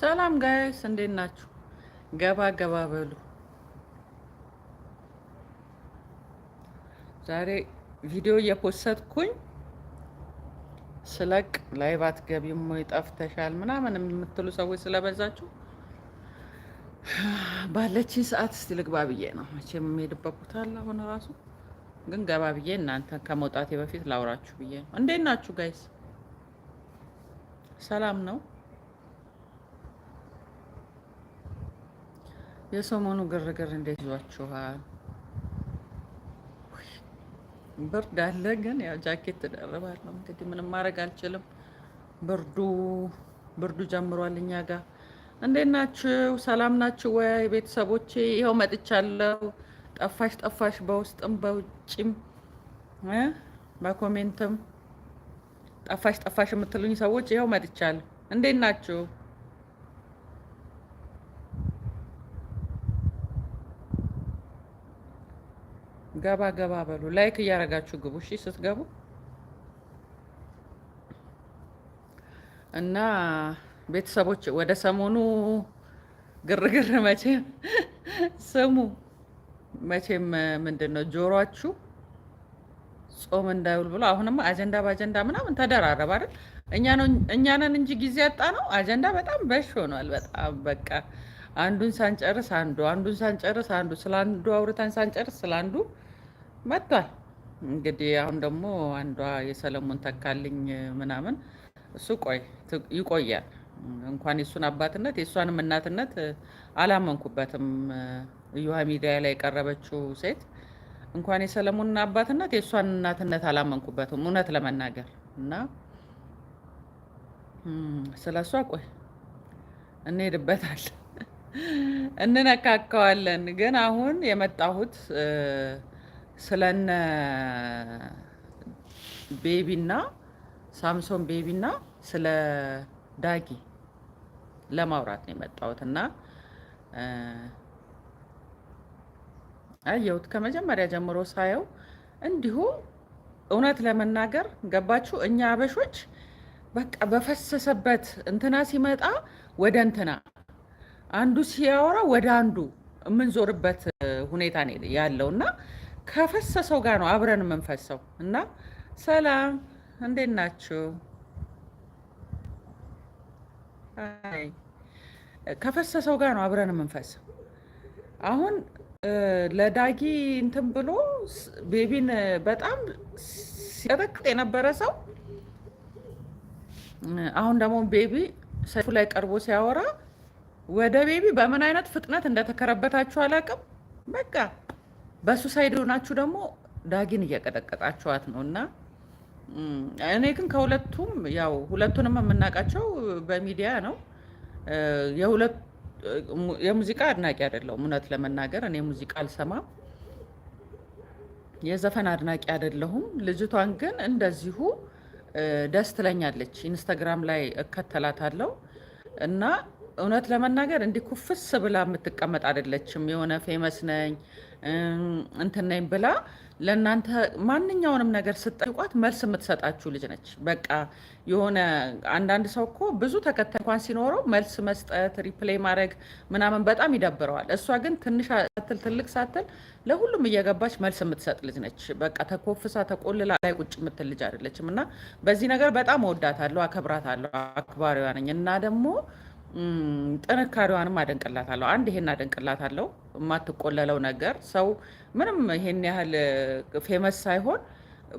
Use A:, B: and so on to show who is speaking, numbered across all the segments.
A: ሰላም ጋይስ እንዴት ናችሁ? ገባ ገባ በሉ። ዛሬ ቪዲዮ እየፖሰትኩኝ ስለቅ ላይቭ አትገቢም ወይ ጠፍተሻል ምናምን የምትሉ ሰዎች ስለበዛችሁ ባለችኝ ሰዓት እስቲ ልግባ ብዬ ነው። መቼም የምሄድበት ቦታ አሁን ራሱ ግን ገባ ብዬ እናንተ ከመውጣቴ በፊት ላውራችሁ ብዬ ነው። እንዴት ናችሁ ጋይስ? ሰላም ነው የሰሞኑ ግርግር እንዴት ይዟችኋል? ብርድ አለ፣ ግን ያው ጃኬት ትደርባለሁ። እንግዲህ ምንም ማድረግ አልችልም። ብርዱ ብርዱ ጀምሯል እኛ ጋር። እንዴት ናችሁ? ሰላም ናችሁ ወይ ቤተሰቦቼ? ይኸው መጥቻለሁ። ጠፋሽ ጠፋሽ፣ በውስጥም በውጭም በኮሜንትም ጠፋሽ ጠፋሽ የምትሉኝ ሰዎች ይኸው መጥቻለሁ። እንዴት ናችሁ? ገባ ገባ በሉ። ላይክ እያደረጋችሁ ግቡ። እሺ ስትገቡ እና ቤተሰቦች ወደ ሰሞኑ ግርግር መቼም ስሙ መቼም ምንድን ነው ጆሯችሁ ጾም እንዳይውል ብሎ አሁንማ አጀንዳ በአጀንዳ ምናምን ተደራረብ አይደል? እኛንን እንጂ ጊዜ ያጣ ነው። አጀንዳ በጣም በሽ ሆኗል። በጣም በቃ አንዱን ሳንጨርስ አንዱ አንዱን ሳንጨርስ አንዱ ስለ አንዱ አውርተን ሳንጨርስ ስለ አንዱ መጥቷል። እንግዲህ አሁን ደግሞ አንዷ የሰለሞን ተካልኝ ምናምን እሱ ይቆያል። እንኳን የእሱን አባትነት የእሷንም እናትነት አላመንኩበትም። እዩሃ ሚዲያ ላይ የቀረበችው ሴት እንኳን የሰለሞን አባትነት የእሷን እናትነት አላመንኩበትም እውነት ለመናገር እና ስለ እሷ ቆይ እንሄድበታል፣ እንነካከዋለን። ግን አሁን የመጣሁት ስለነ ቤቢና ሳምሶን ቤቢና ስለ ዳጊ ለማውራት ነው የመጣሁት እና አየሁት ከመጀመሪያ ጀምሮ ሳየው እንዲሁ እውነት ለመናገር ገባችሁ፣ እኛ አበሾች በቃ በፈሰሰበት እንትና ሲመጣ ወደ እንትና አንዱ ሲያወራ ወደ አንዱ የምንዞርበት ሁኔታ ነው ያለው እና ከፈሰሰው ጋር ነው አብረን የምንፈሰው። እና ሰላም፣ እንዴት ናችሁ? ከፈሰሰው ጋር ነው አብረን የምንፈሰው። አሁን ለዳጊ እንትን ብሎ ቤቢን በጣም ሲቀጠቅጥ የነበረ ሰው አሁን ደግሞ ቤቢ ሰይፉ ላይ ቀርቦ ሲያወራ ወደ ቤቢ በምን አይነት ፍጥነት እንደተከረበታችሁ አላውቅም። በቃ በሱሳይድ ሆናችሁ ደግሞ ዳጊን እየቀጠቀጣችኋት ነው እና እኔ ግን ከሁለቱም ያው ሁለቱንም የምናውቃቸው በሚዲያ ነው። የሙዚቃ አድናቂ አይደለሁም፣ እውነት ለመናገር እኔ ሙዚቃ አልሰማም፣ የዘፈን አድናቂ አይደለሁም። ልጅቷን ግን እንደዚሁ ደስ ትለኛለች። ኢንስታግራም ላይ እከተላታለሁ እና እውነት ለመናገር እንዲህ ኩፍስ ብላ የምትቀመጥ አይደለችም። የሆነ ፌመስ ነኝ እንትን ነኝ ብላ ለእናንተ ማንኛውንም ነገር ስጠይቋት መልስ የምትሰጣችሁ ልጅ ነች። በቃ የሆነ አንዳንድ ሰው እኮ ብዙ ተከታይ እንኳን ሲኖረው መልስ መስጠት ሪፕሌይ ማድረግ ምናምን በጣም ይደብረዋል። እሷ ግን ትንሽ ሳትል ትልቅ ሳትል ለሁሉም እየገባች መልስ የምትሰጥ ልጅ ነች። በቃ ተኮፍሳ ተቆልላ ላይ ቁጭ የምትል ልጅ አይደለችም። እና በዚህ ነገር በጣም እወዳታለሁ፣ አከብራታለሁ፣ አክባሪዋ ነኝ እና ደግሞ ጥንካሬዋንም አደንቅላታለሁ። አንድ ይሄን አደንቅላታለሁ። የማትቆለለው ነገር ሰው ምንም ይሄን ያህል ፌመስ ሳይሆን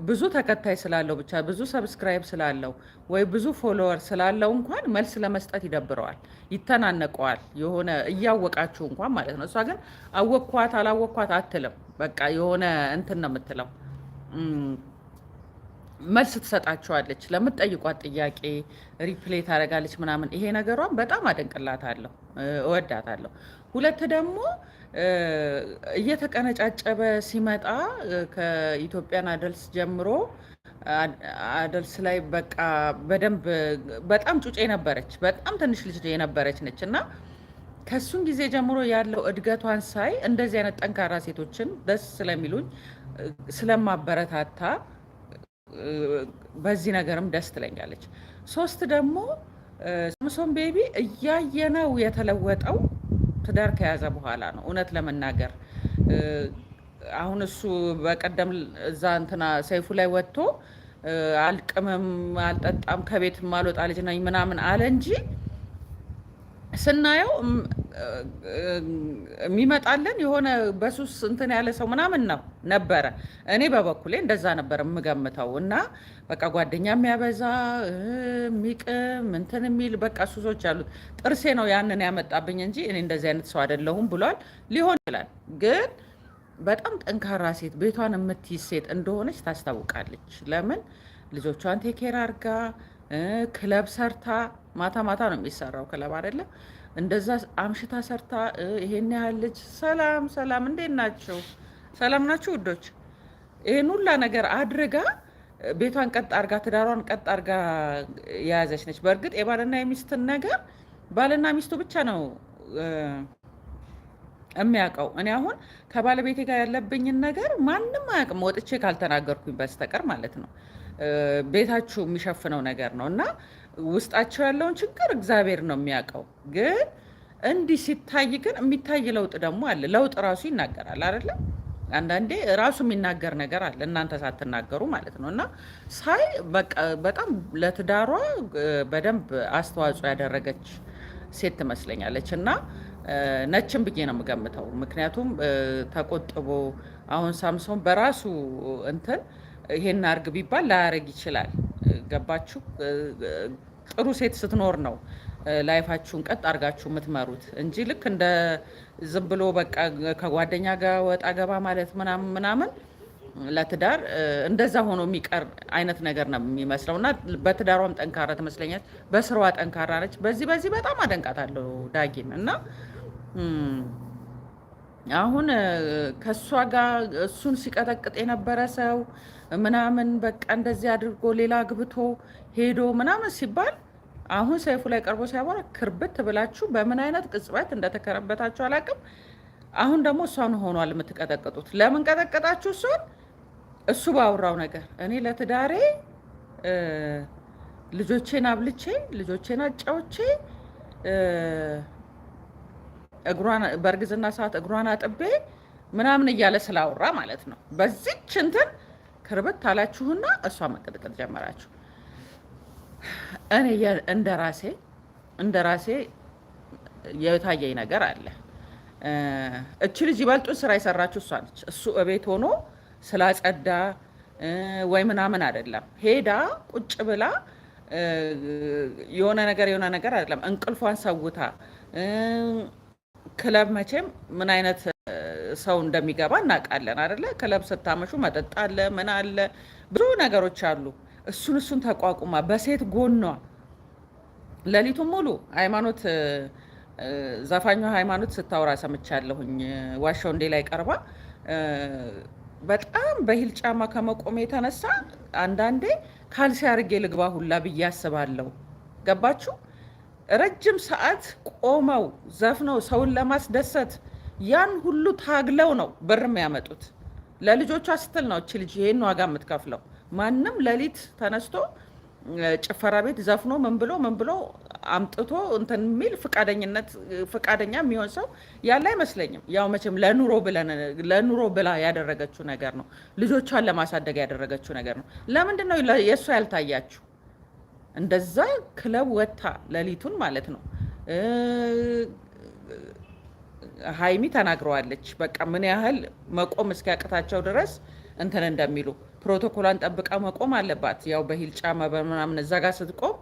A: ብዙ ተከታይ ስላለው ብቻ ብዙ ሰብስክራይብ ስላለው ወይ ብዙ ፎሎወር ስላለው እንኳን መልስ ለመስጠት ይደብረዋል፣ ይተናነቀዋል። የሆነ እያወቃችሁ እንኳን ማለት ነው። እሷ ግን አወቅኳት አላወቅኳት አትልም። በቃ የሆነ እንትን ነው የምትለው መልስ ትሰጣቸዋለች። ለምትጠይቋት ጥያቄ ሪፕሌ ታደርጋለች ምናምን። ይሄ ነገሯን በጣም አደንቅላታለሁ፣ እወዳታለሁ። ሁለት ደግሞ እየተቀነጫጨበ ሲመጣ ከኢትዮጵያን አደልስ ጀምሮ አደልስ ላይ በቃ በደንብ በጣም ጩጬ ነበረች፣ በጣም ትንሽ ልጅ የነበረች ነች እና ከሱን ጊዜ ጀምሮ ያለው እድገቷን ሳይ እንደዚህ አይነት ጠንካራ ሴቶችን ደስ ስለሚሉኝ ስለማበረታታ በዚህ ነገርም ደስ ትለኛለች። ሶስት ደግሞ ሳምሶን ቤቢ እያየነው የተለወጠው ትዳር ከያዘ በኋላ ነው። እውነት ለመናገር አሁን እሱ በቀደም እዛ እንትና ሰይፉ ላይ ወጥቶ አልቅምም፣ አልጠጣም፣ ከቤት ማልወጣ ልጅ ነኝ ምናምን አለ እንጂ ስናየው የሚመጣልን የሆነ በሱስ እንትን ያለ ሰው ምናምን ነው ነበረ። እኔ በበኩሌ እንደዛ ነበር የምገምተው እና በቃ ጓደኛ የሚያበዛ የሚቅም እንትን የሚል በቃ ሱሶች ያሉት ጥርሴ ነው ያንን ያመጣብኝ እንጂ እኔ እንደዚህ አይነት ሰው አይደለሁም ብሏል። ሊሆን ይችላል ግን በጣም ጠንካራ ሴት ቤቷን የምትይዝ ሴት እንደሆነች ታስታውቃለች። ለምን ልጆቿን ቴኬር አርጋ ክለብ ሰርታ ማታ ማታ ነው የሚሰራው ክለብ አይደለም እንደዛ አምሽታ ሰርታ ይሄን ያህል ልጅ። ሰላም ሰላም፣ እንዴት ናቸው? ሰላም ናቸው ውዶች? ይህን ሁላ ነገር አድርጋ ቤቷን ቀጥ አርጋ ትዳሯን ቀጥ አርጋ የያዘች ነች። በእርግጥ የባልና የሚስትን ነገር ባልና ሚስቱ ብቻ ነው የሚያውቀው። እኔ አሁን ከባለቤቴ ጋር ያለብኝን ነገር ማንም አያውቅም ወጥቼ ካልተናገርኩኝ በስተቀር ማለት ነው። ቤታችሁ የሚሸፍነው ነገር ነው እና ውስጣቸው ያለውን ችግር እግዚአብሔር ነው የሚያውቀው። ግን እንዲህ ሲታይ ግን የሚታይ ለውጥ ደግሞ አለ። ለውጥ ራሱ ይናገራል አይደለም አንዳንዴ ራሱ የሚናገር ነገር አለ እናንተ ሳትናገሩ ማለት ነው። እና ሳይ በጣም ለትዳሯ በደንብ አስተዋጽኦ ያደረገች ሴት ትመስለኛለች። እና ነችን ብዬ ነው የምገምተው። ምክንያቱም ተቆጥቦ አሁን ሳምሶን በራሱ እንትን ይሄን አርግ ቢባል ላያረግ ይችላል። ገባችሁ? ጥሩ ሴት ስትኖር ነው ላይፋችሁን ቀጥ አድርጋችሁ የምትመሩት እንጂ ልክ እንደ ዝም ብሎ በቃ ከጓደኛ ጋር ወጣ ገባ ማለት ምናምን ምናምን ለትዳር እንደዛ ሆኖ የሚቀር አይነት ነገር ነው የሚመስለው እና በትዳሯም ጠንካራ ትመስለኛል። በስራዋ ጠንካራ ነች። በዚህ በዚህ በጣም አደንቃታለሁ ዳጊን እና አሁን ከእሷ ጋር እሱን ሲቀጠቅጥ የነበረ ሰው ምናምን በቃ እንደዚህ አድርጎ ሌላ ግብቶ ሄዶ ምናምን ሲባል አሁን ሰይፉ ላይ ቀርቦ ሲያወራ ክርብት ብላችሁ በምን አይነት ቅጽበት እንደተከረበታችሁ አላውቅም። አሁን ደግሞ እሷን ሆኗል የምትቀጠቅጡት። ለምን ቀጠቀጣችሁ? እሱን እሱ ባወራው ነገር እኔ ለትዳሬ ልጆቼን አብልቼ ልጆቼን አጫውቼ በእርግዝና ሰዓት እግሯን አጥቤ ምናምን እያለ ስላወራ ማለት ነው። በዚች እንትን ክርብት አላችሁና እሷ መቀጥቀጥ ጀመራችሁ። እኔ እንደ ራሴ እንደ ራሴ የታየኝ ነገር አለ። እች ልጅ ይበልጡን ስራ የሰራችሁ እሷ ነች። እሱ እቤት ሆኖ ስላጸዳ ወይ ምናምን አይደለም። ሄዳ ቁጭ ብላ የሆነ ነገር የሆነ ነገር አይደለም። እንቅልፏን ሰውታ ክለብ መቼም ምን አይነት ሰው እንደሚገባ እናውቃለን አደለ? ክለብ ስታመሹ መጠጥ አለ፣ ምን አለ፣ ብዙ ነገሮች አሉ። እሱን እሱን ተቋቁማ በሴት ጎኗ ሌሊቱ ሙሉ ሃይማኖት ዘፋኙ ሃይማኖት ስታወራ ሰምቻለሁኝ። ዋሻው እንዴ ላይ ቀርባ በጣም በሂል ጫማ ከመቆም የተነሳ አንዳንዴ ካልሲ አድርጌ ልግባ ሁላ ብዬ አስባለሁ። ገባችሁ? ረጅም ሰዓት ቆመው ዘፍነው ሰውን ለማስደሰት ያን ሁሉ ታግለው ነው ብር የሚያመጡት። ለልጆቿ ስትል ነው እች ልጅ ይሄን ዋጋ የምትከፍለው። ማንም ሌሊት ተነስቶ ጭፈራ ቤት ዘፍኖ ምን ብሎ ምን ብሎ አምጥቶ እንትን የሚል ፈቃደኝነት ፈቃደኛ የሚሆን ሰው ያለ አይመስለኝም። ያው መቼም ለኑሮ ለኑሮ ብላ ያደረገችው ነገር ነው። ልጆቿን ለማሳደግ ያደረገችው ነገር ነው። ለምንድን ነው የእሷ ያልታያችሁ? እንደዛ ክለብ ወታ ሌሊቱን ማለት ነው። ሀይሚ ተናግረዋለች። በቃ ምን ያህል መቆም እስኪያቅታቸው ድረስ እንትን እንደሚሉ ፕሮቶኮሏን ጠብቃ መቆም አለባት። ያው በሂል ጫማ በምናምን እዛ ጋር ስትቆም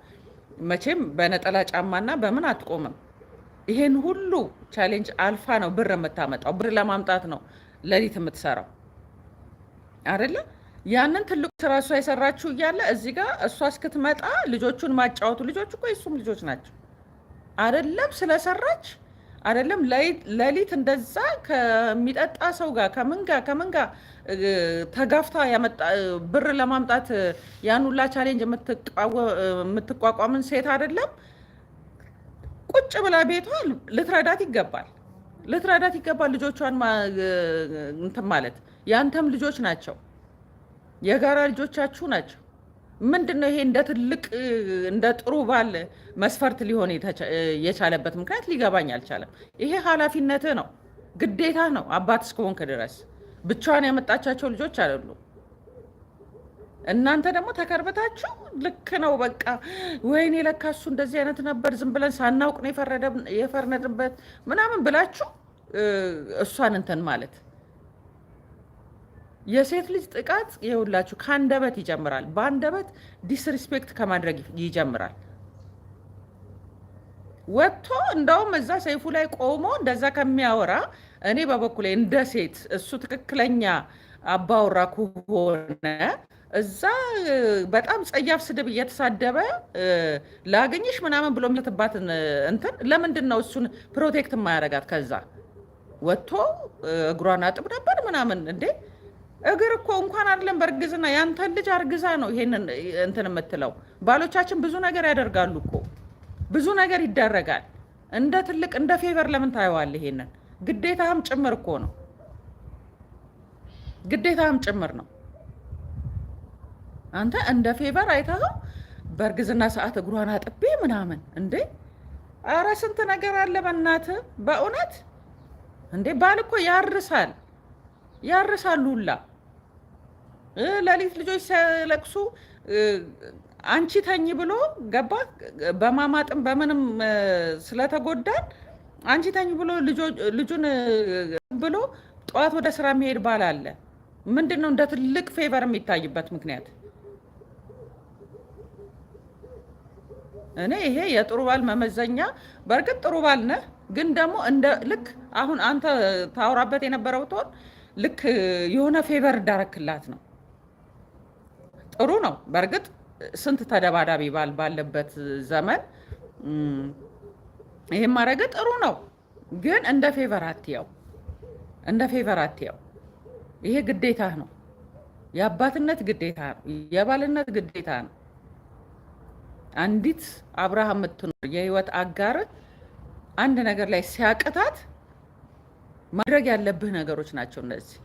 A: መቼም በነጠላ ጫማና በምን አትቆምም። ይሄን ሁሉ ቻሌንጅ አልፋ ነው ብር የምታመጣው። ብር ለማምጣት ነው ሌሊት የምትሰራው አይደለ? ያንን ትልቁ ስራ እሷ የሰራችው እያለ እዚህ ጋር እሷ እስክትመጣ ልጆቹን ማጫወቱ ልጆች እኮ የሱም ልጆች ናቸው። አይደለም ስለሰራች አይደለም ለሊት እንደዛ ከሚጠጣ ሰው ጋር ከምን ጋር ከምን ጋር ተጋፍታ ብር ለማምጣት ያን ሁላ ቻሌንጅ የምትቋቋምን ሴት አይደለም። ቁጭ ብላ ቤቷ ልትረዳት ይገባል፣ ልትረዳት ይገባል። ልጆቿን እንትን ማለት ያንተም ልጆች ናቸው የጋራ ልጆቻችሁ ናቸው። ምንድን ነው ይሄ እንደ ትልቅ እንደ ጥሩ ባል መስፈርት ሊሆን የቻለበት ምክንያት ሊገባኝ አልቻለም። ይሄ ኃላፊነትህ ነው፣ ግዴታ ነው። አባት እስከሆንክ ድረስ ብቻዋን ያመጣቻቸው ልጆች አይደሉም። እናንተ ደግሞ ተከርበታችሁ ልክ ነው በቃ ወይኔ ለካ እሱ እንደዚህ አይነት ነበር፣ ዝም ብለን ሳናውቅ ነው የፈረድንበት ምናምን ብላችሁ እሷን እንትን ማለት የሴት ልጅ ጥቃት የሁላችሁ ከአንደበት ይጀምራል። በአንደበት ዲስሪስፔክት ከማድረግ ይጀምራል። ወጥቶ እንደውም እዛ ሰይፉ ላይ ቆሞ እንደዛ ከሚያወራ እኔ በበኩሌ እንደ ሴት እሱ ትክክለኛ አባወራ ከሆነ እዛ በጣም ጸያፍ ስድብ እየተሳደበ ላገኝሽ ምናምን ብሎ የሚልትባትን እንትን ለምንድን ነው እሱን ፕሮቴክት የማያደርጋት? ከዛ ወጥቶ እግሯን አጥብ ነበር ምናምን እንዴ እግር እኮ እንኳን አይደለም በእርግዝና ያንተን ልጅ አርግዛ ነው ይሄንን እንትን የምትለው። ባሎቻችን ብዙ ነገር ያደርጋሉ እኮ ብዙ ነገር ይደረጋል። እንደ ትልቅ እንደ ፌቨር ለምን ታየዋል? ይሄንን ግዴታህም ጭምር እኮ ነው፣ ግዴታህም ጭምር ነው። አንተ እንደ ፌቨር አይተኸው በእርግዝና ሰዓት እግሯን አጥቤ ምናምን እንዴ! አረ ስንት ነገር አለ በእናት በእውነት እንዴ! ባል እኮ ያርሳል ያርሳሉላ ለሊት ልጆች ሲያለቅሱ አንቺ ተኝ ብሎ ገባ። በማማጥም በምንም ስለተጎዳን አንቺ ተኝ ብሎ ልጁን ብሎ ጠዋት ወደ ስራ የሚሄድ ባል አለ። ምንድን ነው እንደ ትልቅ ፌቨር የሚታይበት ምክንያት? እኔ ይሄ የጥሩ ባል መመዘኛ በእርግጥ ጥሩ ባል ነህ፣ ግን ደግሞ እንደ ልክ አሁን አንተ ታውራበት የነበረው ትሆን ልክ የሆነ ፌቨር እንዳረክላት ነው ጥሩ ነው። በእርግጥ ስንት ተደባዳቢ ባል ባለበት ዘመን ይህም ማድረግ ጥሩ ነው፣ ግን እንደ ፌቨር አትየው፣ እንደ ፌቨር አትየው። ይሄ ግዴታ ነው፣ የአባትነት ግዴታ ነው፣ የባልነት ግዴታ ነው። አንዲት አብርሃም የምትኖር የህይወት አጋር አንድ ነገር ላይ ሲያቅታት ማድረግ ያለብህ ነገሮች ናቸው እነዚህ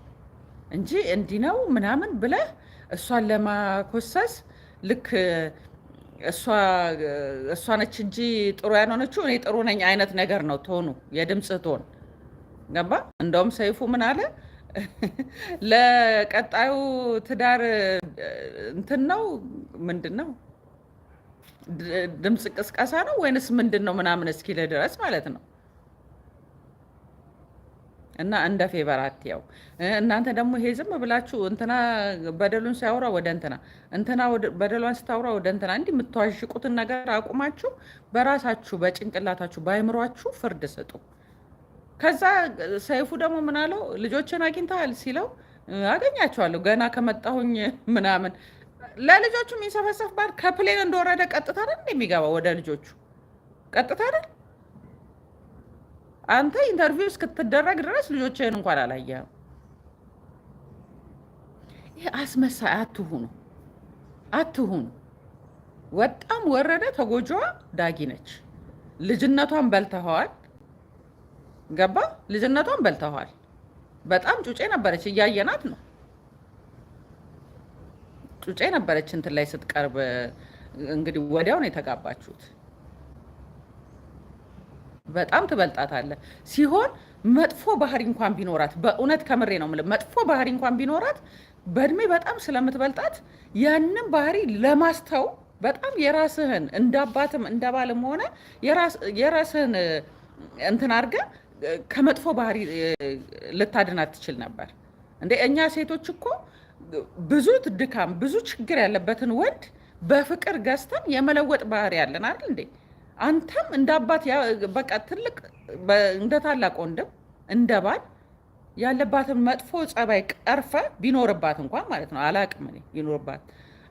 A: እንጂ እንዲህ ነው ምናምን ብለህ እሷን ለማኮሰስ ልክ እሷ ነች እንጂ ጥሩ ያልሆነችው እኔ ጥሩ ነኝ አይነት ነገር ነው ቶኑ፣ የድምፅ ቶን ገባ። እንደውም ሰይፉ ምን አለ ለቀጣዩ ትዳር እንትን ነው ምንድን ነው ድምፅ ቅስቀሳ ነው ወይንስ ምንድን ነው ምናምን እስኪል ድረስ ማለት ነው እና እንደ ፌቨራት ያው እናንተ ደግሞ ይሄ ዝም ብላችሁ እንትና በደሉን ሲያወራ ወደ እንትና እንትና በደሏን ስታወራ ወደ እንትና እንዲህ የምታዋዥቁትን ነገር አቁማችሁ በራሳችሁ በጭንቅላታችሁ በአይምሯችሁ ፍርድ ስጡ። ከዛ ሰይፉ ደግሞ ምናለው ልጆችን አግኝተሃል ሲለው አገኛቸዋለሁ ገና ከመጣሁኝ ምናምን ለልጆቹ የሚንሰፈሰፍ ባል ከፕሌን እንደወረደ ቀጥታ አይደል የሚገባው ወደ ልጆቹ ቀጥታ አይደል አንተ ኢንተርቪው እስክትደረግ ድረስ ልጆችህን እንኳን አላየህም። ይህ አስመሳይ አትሁኑ፣ አትሁኑ። ወጣም ወረደ ተጎጂዋ ዳጊ ነች። ልጅነቷን በልተኸዋል። ገባ? ልጅነቷን በልተኸዋል። በጣም ጩጬ ነበረች፣ እያየናት ነው። ጩጬ ነበረች እንትን ላይ ስትቀርብ። እንግዲህ ወዲያው ነው የተጋባችሁት። በጣም ትበልጣታለህ ሲሆን መጥፎ ባህሪ እንኳን ቢኖራት በእውነት ከምሬ ነው የምልህ፣ መጥፎ ባህሪ እንኳን ቢኖራት በእድሜ በጣም ስለምትበልጣት ያንን ባህሪ ለማስተው በጣም የራስህን እንዳባትም አባትም ሆነ የራስህን እንትን አድርገህ ከመጥፎ ባህሪ ልታድናት ትችል ነበር። እንደ እኛ ሴቶች እኮ ብዙ ድካም፣ ብዙ ችግር ያለበትን ወንድ በፍቅር ገዝተን የመለወጥ ባህሪ ያለን አይደል እንዴ? አንተም እንደ አባት በቃ ትልቅ እንደ ታላቅ ወንድም እንደ ባል ያለባትን መጥፎ ጸባይ ቀርፈ ቢኖርባት እንኳን ማለት ነው። አላቅም እኔ ቢኖርባት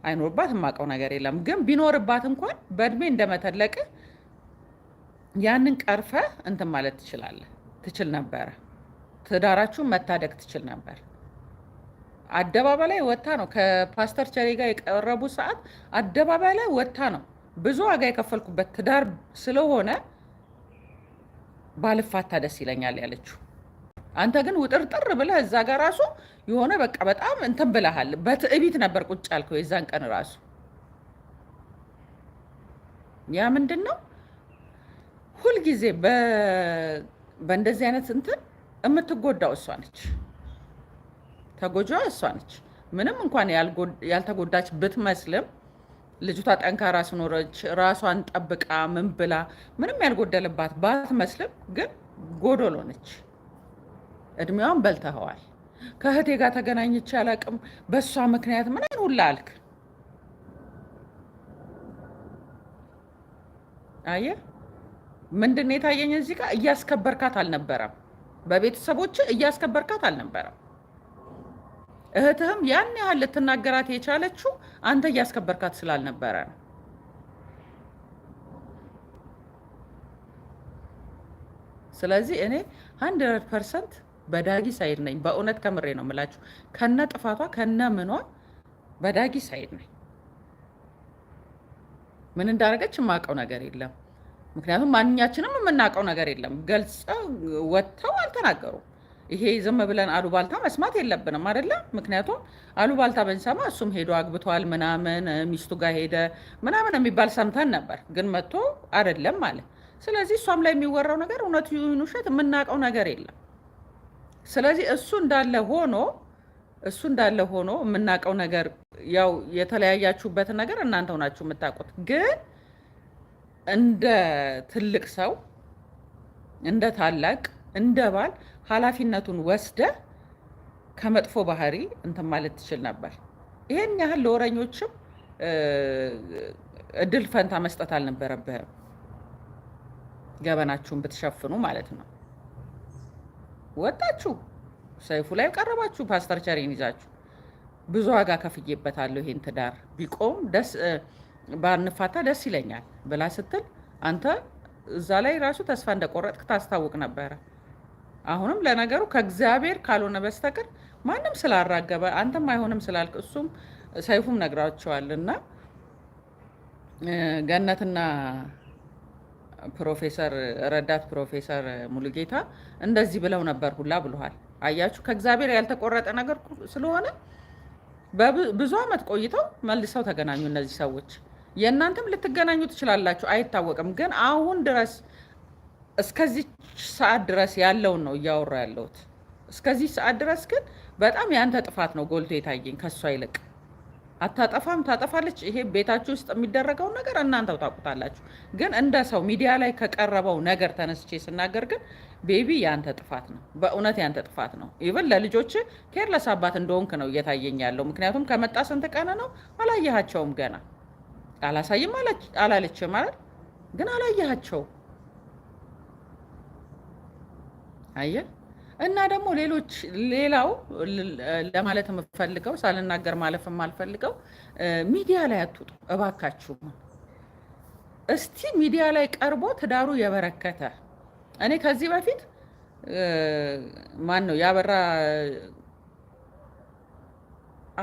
A: አይኖርባት የማውቀው ነገር የለም። ግን ቢኖርባት እንኳን በእድሜ እንደመተለቅ ያንን ቀርፈ እንትን ማለት ትችላለህ፣ ትችል ነበረ። ትዳራችሁን መታደግ ትችል ነበር። አደባባይ ላይ ወታ ነው ከፓስተር ቸሬ ጋር የቀረቡ ሰዓት አደባባይ ላይ ወታ ነው ብዙ ዋጋ የከፈልኩበት ትዳር ስለሆነ ባልፋታ ደስ ይለኛል ያለችው። አንተ ግን ውጥርጥር ብለህ እዛ ጋር ራሱ የሆነ በቃ በጣም እንትን ብለሃል። በትዕቢት ነበር ቁጭ ያልከው የዛን ቀን ራሱ። ያ ምንድን ነው ሁልጊዜ በእንደዚህ አይነት እንትን የምትጎዳው እሷ ነች፣ ተጎጂዋ እሷ ነች። ምንም እንኳን ያልተጎዳች ብትመስልም ልጅቷ ጠንካራ ስኖረች ራሷን ጠብቃ ምን ብላ ምንም ያልጎደልባት ባትመስልም ግን ጎዶሎ ነች። እድሜዋን በልተኸዋል። ከእህቴ ጋር ተገናኝቼ አላቅም በእሷ ምክንያት ምንን ሁላ አልክ። አየህ ምንድን ነው የታየኝ እዚህ ጋር? እያስከበርካት አልነበረም። በቤተሰቦች እያስከበርካት አልነበረም። እህትህም ያን ያህል ልትናገራት የቻለችው አንተ እያስከበርካት ስላልነበረ ነው። ስለዚህ እኔ ሀንድረድ ፐርሰንት በዳጊ ሳይድ ነኝ። በእውነት ከምሬ ነው የምላችሁ። ከነ ጥፋቷ ከነ ምኗ በዳጊ ሳይድ ነኝ። ምን እንዳደረገች የማውቀው ነገር የለም። ምክንያቱም ማንኛችንም የምናውቀው ነገር የለም። ገልጸው ወጥተው አልተናገሩም። ይሄ ዝም ብለን አሉባልታ መስማት የለብንም አይደለም። ምክንያቱም አሉባልታ ብንሰማ እሱም ሄዶ አግብቷል ምናምን ሚስቱ ጋር ሄደ ምናምን የሚባል ሰምተን ነበር፣ ግን መጥቶ አይደለም ማለት። ስለዚህ እሷም ላይ የሚወራው ነገር እውነት ይሁን ውሸት የምናውቀው ነገር የለም። ስለዚህ እሱ እንዳለ ሆኖ እሱ እንዳለ ሆኖ የምናውቀው ነገር ያው የተለያያችሁበትን ነገር እናንተው ናችሁ የምታውቁት። ግን እንደ ትልቅ ሰው እንደ ታላቅ እንደ ባል ኃላፊነቱን ወስደ ከመጥፎ ባህሪ እንትን ማለት ትችል ነበር። ይሄን ያህል ለወረኞችም እድል ፈንታ መስጠት አልነበረብህም። ገበናችሁን ብትሸፍኑ ማለት ነው። ወጣችሁ ሰይፉ ላይ ቀረባችሁ፣ ፓስተር ቸሪን ይዛችሁ ብዙ ዋጋ ከፍዬበታለሁ ይሄን ትዳር ቢቆም ደስ ባንፋታ ደስ ይለኛል ብላ ስትል አንተ እዛ ላይ ራሱ ተስፋ እንደቆረጥክ ታስታውቅ ነበረ። አሁንም ለነገሩ ከእግዚአብሔር ካልሆነ በስተቀር ማንም ስላራገበ አንተም አይሆንም ስላልክ እሱም ሰይፉም ነግራቸዋል እና ገነትና ፕሮፌሰር ረዳት ፕሮፌሰር ሙሉጌታ እንደዚህ ብለው ነበር ሁላ ብለዋል። አያችሁ ከእግዚአብሔር ያልተቆረጠ ነገር ስለሆነ ብዙ ዓመት ቆይተው መልሰው ተገናኙ። እነዚህ ሰዎች የእናንተም ልትገናኙ ትችላላችሁ፣ አይታወቅም። ግን አሁን ድረስ እስከዚህ ሰዓት ድረስ ያለውን ነው እያወራ ያለሁት። እስከዚህ ሰዓት ድረስ ግን በጣም ያንተ ጥፋት ነው ጎልቶ የታየኝ ከእሷ ይልቅ። አታጠፋም፣ ታጠፋለች። ይሄ ቤታችሁ ውስጥ የሚደረገውን ነገር እናንተው ታውቁታላችሁ። ግን እንደ ሰው ሚዲያ ላይ ከቀረበው ነገር ተነስቼ ስናገር ግን ቤቢ ያንተ ጥፋት ነው፣ በእውነት ያንተ ጥፋት ነው። ኢቨን ለልጆች ኬርለስ አባት እንደሆንክ ነው እየታየኝ ያለው። ምክንያቱም ከመጣ ስንት ቀን ነው? አላየሃቸውም ገና። አላሳይም አላለች ማለት ግን አላየሃቸውም አየ እና ደግሞ ሌሎች ሌላው ለማለት የምፈልገው ሳልናገር ማለፍ የማልፈልገው ሚዲያ ላይ አትውጡ እባካችሁ። እስቲ ሚዲያ ላይ ቀርቦ ትዳሩ የበረከተ እኔ ከዚህ በፊት ማን ነው ያበራ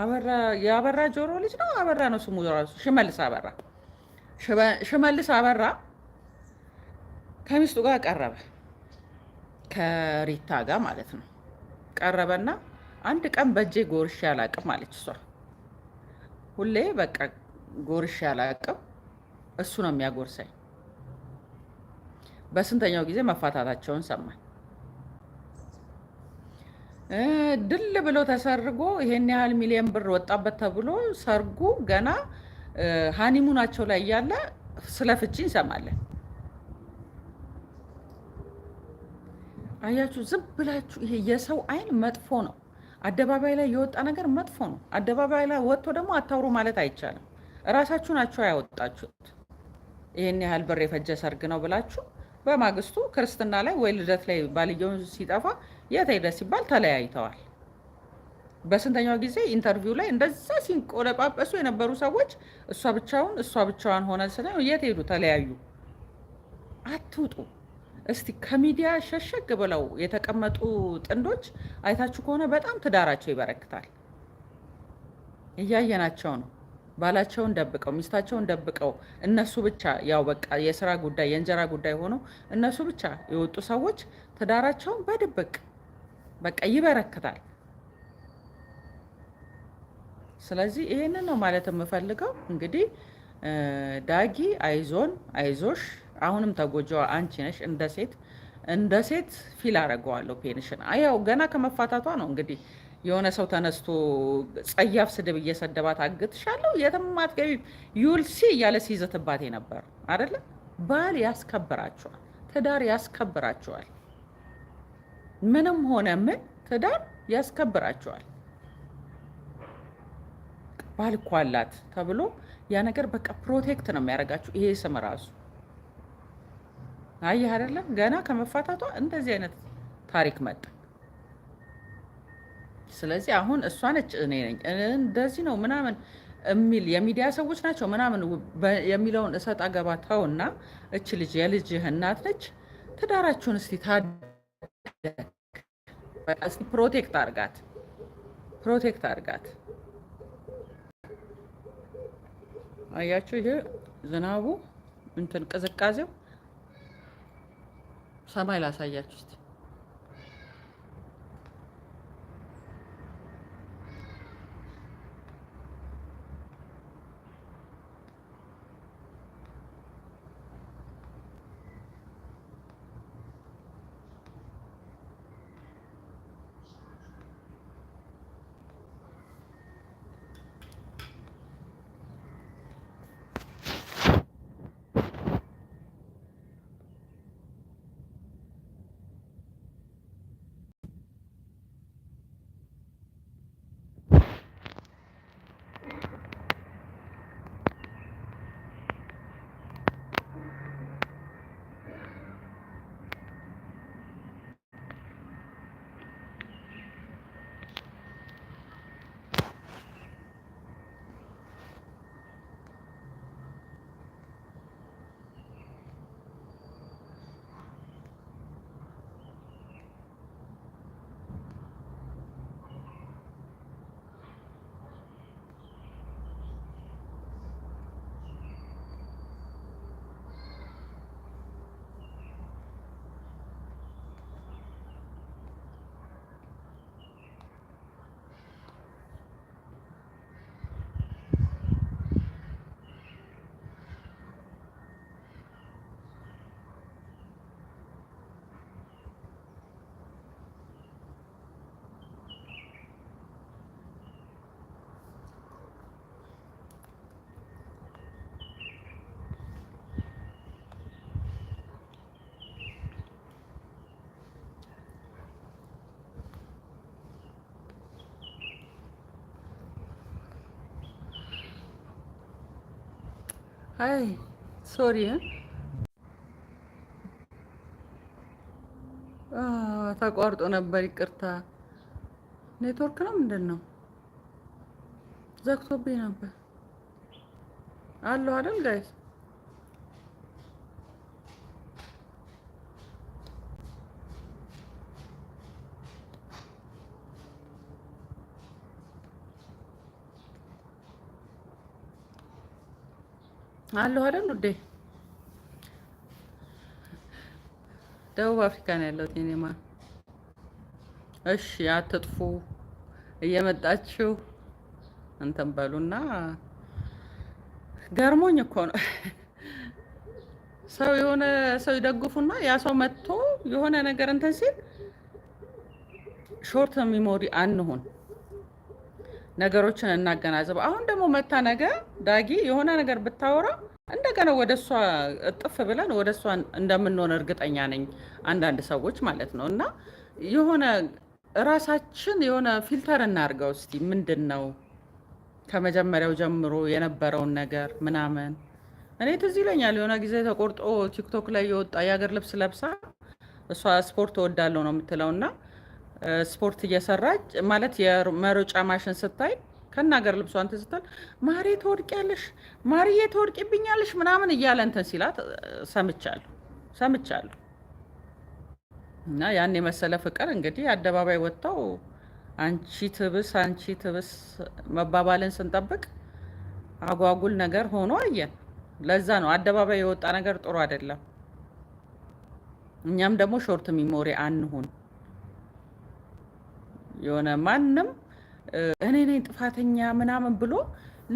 A: አበራ የአበራ ጆሮ ልጅ ነው አበራ ነው ስሙ ራሱ ሽመልስ አበራ ሽመልስ አበራ ከሚስቱ ጋር ቀረበ ከሪታ ጋር ማለት ነው። ቀረበና አንድ ቀን በእጄ ጎርሼ አላቅም አለች እሷ። ሁሌ በቃ ጎርሼ አላቅም፣ እሱ ነው የሚያጎርሰኝ። በስንተኛው ጊዜ መፋታታቸውን ሰማን። ድል ብሎ ተሰርጎ ይሄን ያህል ሚሊዮን ብር ወጣበት ተብሎ ሰርጉ ገና ሀኒሙናቸው ላይ እያለ ስለ ፍቺ እንሰማለን። አያችሁ፣ ዝም ብላችሁ ይሄ የሰው አይን መጥፎ ነው። አደባባይ ላይ የወጣ ነገር መጥፎ ነው። አደባባይ ላይ ወጥቶ ደግሞ አታውሩ ማለት አይቻልም። እራሳችሁ ናቸው ያወጣችሁት። ይህን ያህል ብር የፈጀ ሰርግ ነው ብላችሁ በማግስቱ ክርስትና ላይ ወይ ልደት ላይ ባልየውን ሲጠፋ የት ሄደ ሲባል ተለያይተዋል። በስንተኛው ጊዜ ኢንተርቪው ላይ እንደዛ ሲንቆለጳጰሱ የነበሩ ሰዎች እሷ ብቻውን እሷ ብቻዋን ሆነ ስለ የት ሄዱ? ተለያዩ። አትውጡ። እስቲ ከሚዲያ ሸሸግ ብለው የተቀመጡ ጥንዶች አይታችሁ ከሆነ በጣም ትዳራቸው ይበረክታል። እያየናቸው ነው። ባላቸውን ደብቀው ሚስታቸውን ደብቀው እነሱ ብቻ ያው በቃ የስራ ጉዳይ የእንጀራ ጉዳይ ሆኖ እነሱ ብቻ የወጡ ሰዎች ትዳራቸውን በድብቅ በቃ ይበረክታል። ስለዚህ ይሄንን ነው ማለት የምፈልገው። እንግዲህ ዳጊ አይዞን አይዞሽ አሁንም ተጎጂዋ አንቺ ነሽ። እንደ ሴት እንደ ሴት ፊል አረገዋለሁ ፔንሽን። ያው ገና ከመፋታቷ ነው እንግዲህ የሆነ ሰው ተነስቶ ጸያፍ ስድብ እየሰደባት አግትሻለሁ፣ የትም አትገቢም፣ ዩል ሲ እያለ ሲይዘትባት ነበር አደለ? ባል ያስከብራቸዋል፣ ትዳር ያስከብራቸዋል። ምንም ሆነ ምን ትዳር ያስከብራቸዋል። ባል እኮ አላት ተብሎ ያ ነገር በቃ ፕሮቴክት ነው የሚያደርጋቸው ይሄ ስም ራሱ አየህ አይደለም ገና ከመፋታቷ እንደዚህ አይነት ታሪክ መጣ። ስለዚህ አሁን እሷ ነች እኔ ነኝ እንደዚህ ነው ምናምን የሚል የሚዲያ ሰዎች ናቸው ምናምን የሚለውን እሰጥ አገባ ተውና፣ እች ልጅ የልጅህ እናት ነች። ትዳራችሁን እስቲ ታደግ፣ ፕሮቴክት አርጋት፣ ፕሮቴክት አርጋት። አያችሁ ይሄ ዝናቡ እንትን ቅዝቃዜው ሰማይ ላሳያችሁ። አይ ሶሪ ተቋርጦ ነበር። ይቅርታ ኔትወርክ ነው ምንድን ነው? ዘግቶብኝ ነበር አለሁ አይደል ጋይስ አለሁ አይደል ውዴ? ደቡብ አፍሪካ ነው ያለሁት የኔማ። እሺ አትጥፉ፣ እየመጣችሁ እንትን በሉና ገርሞኝ እኮ ነው ሰው የሆነ ሰው ይደግፉና ያ ሰው መጥቶ የሆነ ነገር እንትን ሲል ሾርት ሚሞሪ አንሁን። ነገሮችን እናገናዘብ። አሁን ደግሞ መታ ነገ ዳጊ የሆነ ነገር ብታወራ እንደገና ወደ እሷ እጥፍ ብለን ወደ እሷ እንደምንሆን እርግጠኛ ነኝ። አንዳንድ ሰዎች ማለት ነው እና የሆነ እራሳችን የሆነ ፊልተር እናድርገው እስኪ ምንድን ነው ከመጀመሪያው ጀምሮ የነበረውን ነገር ምናምን። እኔ ትዝ ይለኛል የሆነ ጊዜ ተቆርጦ ቲክቶክ ላይ የወጣ የሀገር ልብስ ለብሳ እሷ ስፖርት እወዳለሁ ነው የምትለው እና ስፖርት እየሰራች ማለት የመሮጫ ማሽን ስታይ ከናገር ልብሷ እንትን ስትል ማሬ ትወድቂያለሽ፣ ማርዬ ትወድቂብኛለሽ ምናምን እያለ እንትን ሲላት ሰምቻለሁ ሰምቻለሁ። እና ያን የመሰለ ፍቅር እንግዲህ አደባባይ ወጥተው አንቺ ትብስ አንቺ ትብስ መባባልን ስንጠብቅ አጓጉል ነገር ሆኖ አየን። ለዛ ነው አደባባይ የወጣ ነገር ጥሩ አይደለም። እኛም ደግሞ ሾርት ሚሞሪ አንሁን። የሆነ ማንም እኔ ነኝ ጥፋተኛ ምናምን ብሎ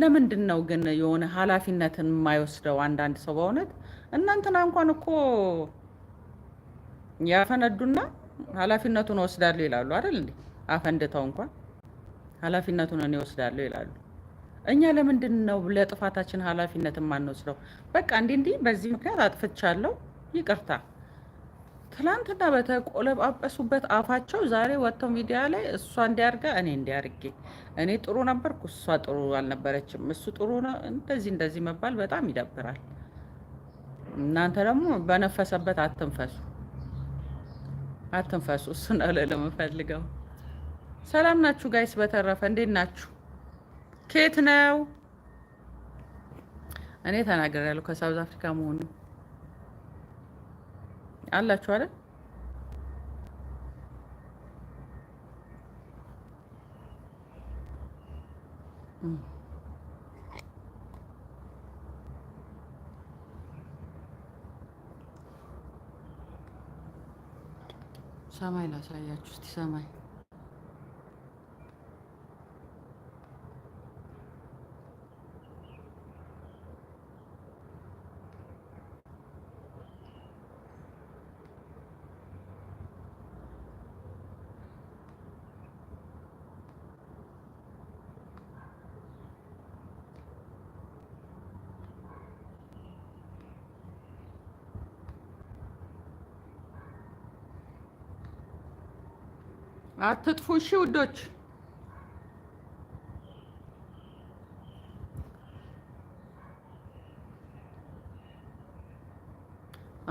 A: ለምንድን ነው ግን የሆነ ኃላፊነትን የማይወስደው አንዳንድ ሰው? በእውነት እናንተና እንኳን እኮ ያፈነዱና ኃላፊነቱን ወስዳሉ ይላሉ አይደል እንዴ? አፈንድተው እንኳን ኃላፊነቱን እኔ ወስዳለሁ ይላሉ። እኛ ለምንድን ነው ለጥፋታችን ኃላፊነት የማንወስደው? በቃ እንዲህ እንዲህ በዚህ ምክንያት አጥፍቻለሁ፣ ይቅርታ ትላንትና በተቆለጳጰሱበት አፋቸው ዛሬ ወጥተው ሚዲያ ላይ እሷ እንዲያርጋ እኔ እንዲያርጌ እኔ ጥሩ ነበርኩ እሷ ጥሩ አልነበረችም፣ እሱ ጥሩ ነው፣ እንደዚህ እንደዚህ መባል በጣም ይደብራል። እናንተ ደግሞ በነፈሰበት አትንፈሱ፣ አትንፈሱ። እሱ ነው ለምፈልገው። ሰላም ናችሁ ጋይስ? በተረፈ እንዴት ናችሁ? ኬት ነው እኔ ተናገር ተናግሬያለሁ ከሳውዝ አፍሪካ መሆኑ አላችሁ አይደል? ሰማይ ላሳያችሁ እስቲ ሰማይ አትጥፉ። እሺ ውዶች፣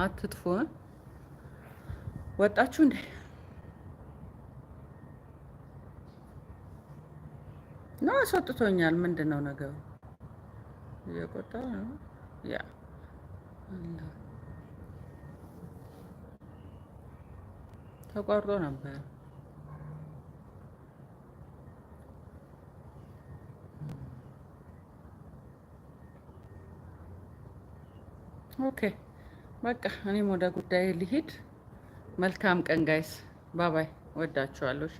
A: አትጥፉ። ወጣችሁ እንዴ? ነው አስወጥቶኛል። ምንድን ነው ነገሩ? እየቆጣ ነው ያ ተቋርጦ ነበር። ኦኬ በቃ እኔም ወደ ጉዳይ ልሂድ። መልካም ቀን ጋይስ፣ ባባይ። ወዳችኋለሁ።